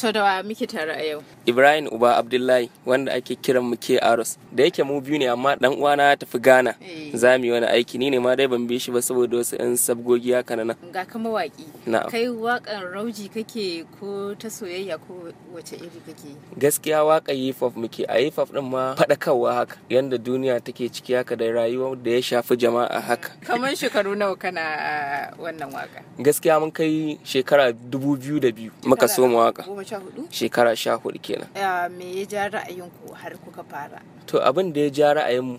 To da wa muke tare a yau? Ibrahim Uba Abdullahi wanda ake kiran mu ke Aros. Da yake mu biyu ne amma dan uwana ya tafi Ghana. Eh. Za mu yi wani aiki ni ne ma dai ban bi shi ba saboda wasu yan sabgogi haka nan. Ga ka mawaki. Kai wakan rauji kake ko ta soyayya ko wace iri kake? Gaskiya waka hip hop muke a hip hop din ma faɗakarwa haka yanda duniya take ciki haka da rayuwa da ya shafi jama'a haka. Kamar shekaru nawa kana ah, wannan waka? Gaskiya mun kai shekara dubu biyu da biyu muka mu waka. sha Shekara sha hudu kenan. Me ya ja ra'ayinku har kuka fara? To abin da ya ja ra'ayin mu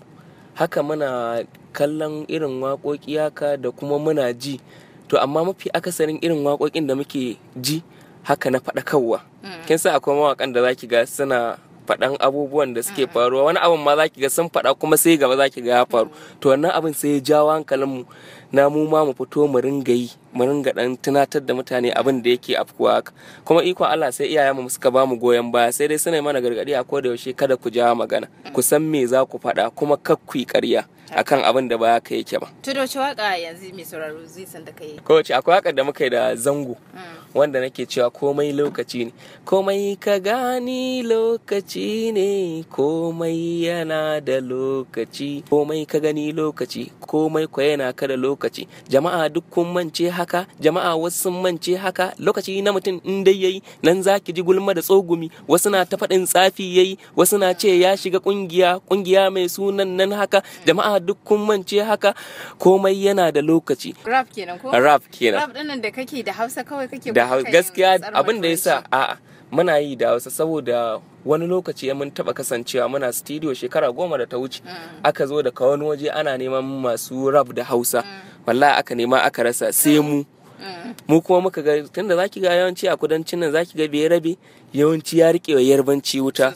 haka muna kallon irin wakoki haka da kuma muna ji to amma mafi akasarin irin wakokin da muke ji haka na faɗakarwa. Hmm. Kin sa akwai mawaƙan da zaki ga suna faɗan abubuwan da suke hmm. faruwa wani abin ma zaki ga sun faɗa kuma sai gaba zaki ga ya faru hmm. to wannan abin sai ya jawo hankalinmu na mu ma mu fito mu ringa yi mu ringa dan tunatar da mutane abin da yake afkuwa kuma iko Allah sai iyayen mu suka bamu goyon baya sai dai suna mana gargadi a koda yaushe kada ku jawo magana ku san me za ku faɗa kuma kar ku yi ƙarya akan abin da ba ka yake ba. Tudo ci waka yanzu mai sauraro zai san da kai. Ko ce akwai wakar da muka yi da zango mm. wanda nake cewa komai lokaci ne. Komai ka gani lokaci ne komai yana da lokaci komai ka gani lokaci komai ko yana ka lokaci jama'a duk kun mance haka jama'a wasu sun mance haka lokaci na mutum in dai yayi nan zaki ji gulma da tsogumi wasu na ta faɗin tsafi yayi wasu na ce ya shiga kungiya kungiya mai sunan nan haka jama'a duk kun mance haka komai yana da lokaci rap kenan ko rap kenan rap dinnan da kake da Hausa kawai kake da gaskiya abin da yasa a'a muna yi da Hausa saboda wani lokaci mun taba kasancewa muna studio shekara goma da ta wuce mm. aka zo daga wani waje ana neman masu rap da Hausa mm. wallahi aka nema aka rasa sai mu mu kuma muka ga tunda zaki ga yawanci a kudancin nan zaki ga bai rabe yawanci ya rike wa yarbanci wuta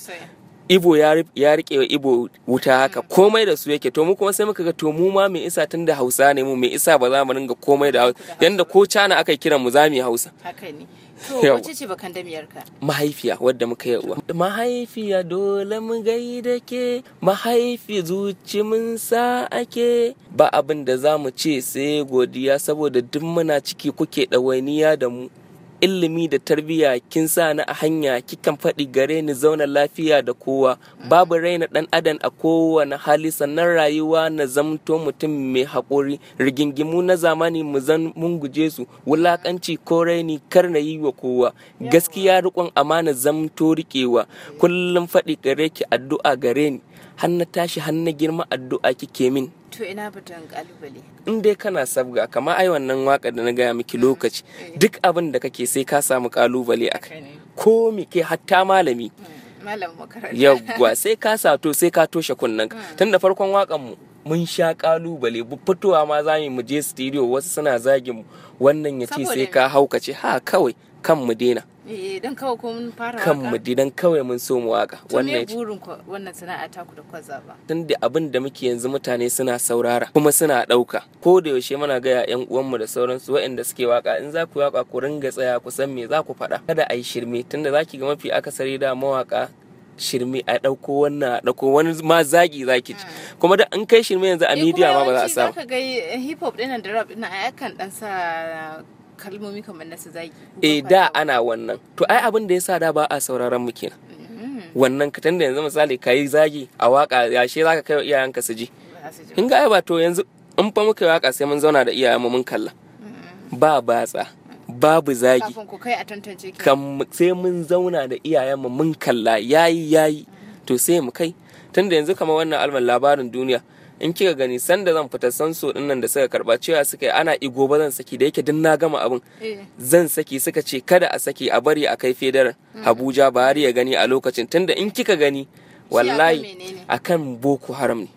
ibo ya rike wa ibo wuta haka komai da su yake to mu kuma sai muka ga to mu ma mai isa tun da hausa ne mu mai isa ba za mu ringa komai da hausa yanda ko cana aka kira mu za mu yi hausa haka ne to wace ce bakan damiyarka mahaifiya wadda muka yi uwa mahaifiya dole mu gaida ke mahaifi zuci mun sa ake ba abin da za mu ce sai godiya saboda duk muna ciki kuke ɗawainiya da mu ilimi da tarbiyya kin sa ni a hanya kikan faɗi gare ni zauna lafiya da kowa babu raina ɗan adam a kowane hali sannan rayuwa na zamto mutum mai haƙuri rigingimu na zamani mu zan mun guje su wulaƙanci ko raini kar na yi wa kowa gaskiya riƙon amana zamto riƙewa kullum faɗi gare ki addu'a gare ni har tashi har girma addu'a kike min to ina batun kalubale in dai kana sabga kamar ai wannan waka da na gaya miki lokaci duk abin da kake sai ka samu kalubale a ko mi ke hatta malami hmm, malam makaranta yawwa sai ka sato sai ka toshe kunnen hmm. tun da farkon wakan mu mun sha kalubale fitowa ma za mu je studio wasu suna zagin wannan ya ce sai ka haukace ha kawai kan mu dina. Eh, kawai kan mu dan kawai mun so mu waka wannan ne burin wannan sana'a ta ku da kwaza ba tun da abin da muke yanzu mutane suna saurara kuma suna dauka ko da yaushe muna ga yan uwan mu da sauransu waɗanda suke waka in za ku waka ku ringa tsaya ku san me za ku faɗa kada a yi shirme tunda zaki ga mafi akasari da mawaka shirme a ɗauko wannan a ɗauko wani ma zagi zaki ci hmm. kuma da an kai shirme yanzu a eh, media ma ba za a samu. Kuma yawanci za ka ga hip hop ɗin da rap ɗin a yakan sa kalmomi kamar na su zagi eh da ana wannan to ai abin da yasa da ba a sauraron mu kenan mm. wannan ka da yanzu misali kai zagi a waka yashe zaka kai iyayenka su ji kin ga ba to yanzu in fa muka yi waka sai mun zauna da iyayen mu mun kalla mm. ba batsa babu zagi kan sai mun zauna da iyayen mu mun kalla yayi yayi mm. to sai mu kai tunda yanzu kamar wannan alman labarin duniya in kika gani sanda zan fita sanso din nan da suka karba cewa suka ana igo ba zan saki da yake din na gama abin eh. zan saki suka ce kada a saki a bari a kai fedar mm. Abuja ba har ya gani a lokacin tunda in kika gani wallahi akan boko haram ne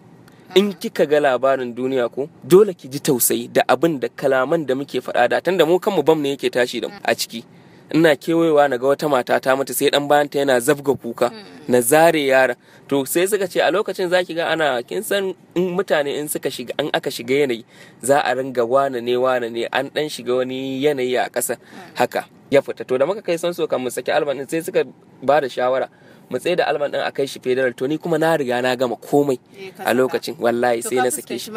ah. in kika ga labarin duniya ko dole ki ji tausayi da abin da kalaman da muke faɗa da tunda mu kanmu bam ne yake tashi da mm. a ciki ina kewayewa na ga wata mata ta mutu sai dan bayanta yana zabga kuka hmm. na zare yara to sai suka ce a lokacin zaki ga ana kin san in mutane in suka shiga an aka shiga yanayi za a ringa wane ne wane ne an dan shiga wani yanayi a ƙasa hmm. haka ya fita to da muka kai san so kan mu saki alban sai suka ba da shawara mu tsaye da alman din a kai shi federal to ni kuma na riga na gama komai eh, a lokacin wallahi sai na sake shi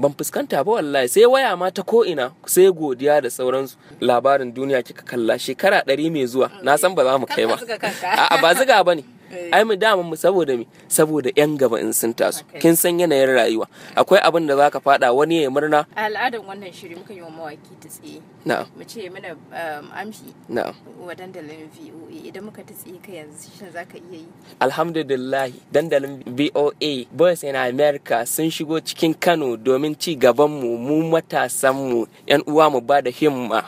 ban fuskanta ba wallahi sai waya ma ta ko ina sai godiya da sauransu labarin duniya kika kalla shekara ɗari mai zuwa na san ba za mu kai ba a'a ba zuga bane Eh. ai mu dama mu saboda me saboda yan gaba in sun taso kin san yanayin rayuwa akwai abin da zaka fada wani ya murna al'adan wannan shiri muka yi wa mawaki ta tsaye na'am mu ce mana um, amshi na'am wa dandalin VOA idan muka ta tsaye ka yanzu shin zaka iya yi alhamdulillah dandalin VOA boys in America sun shigo cikin Kano domin ci gaban mu mu matasan mu yan uwa mu ba da himma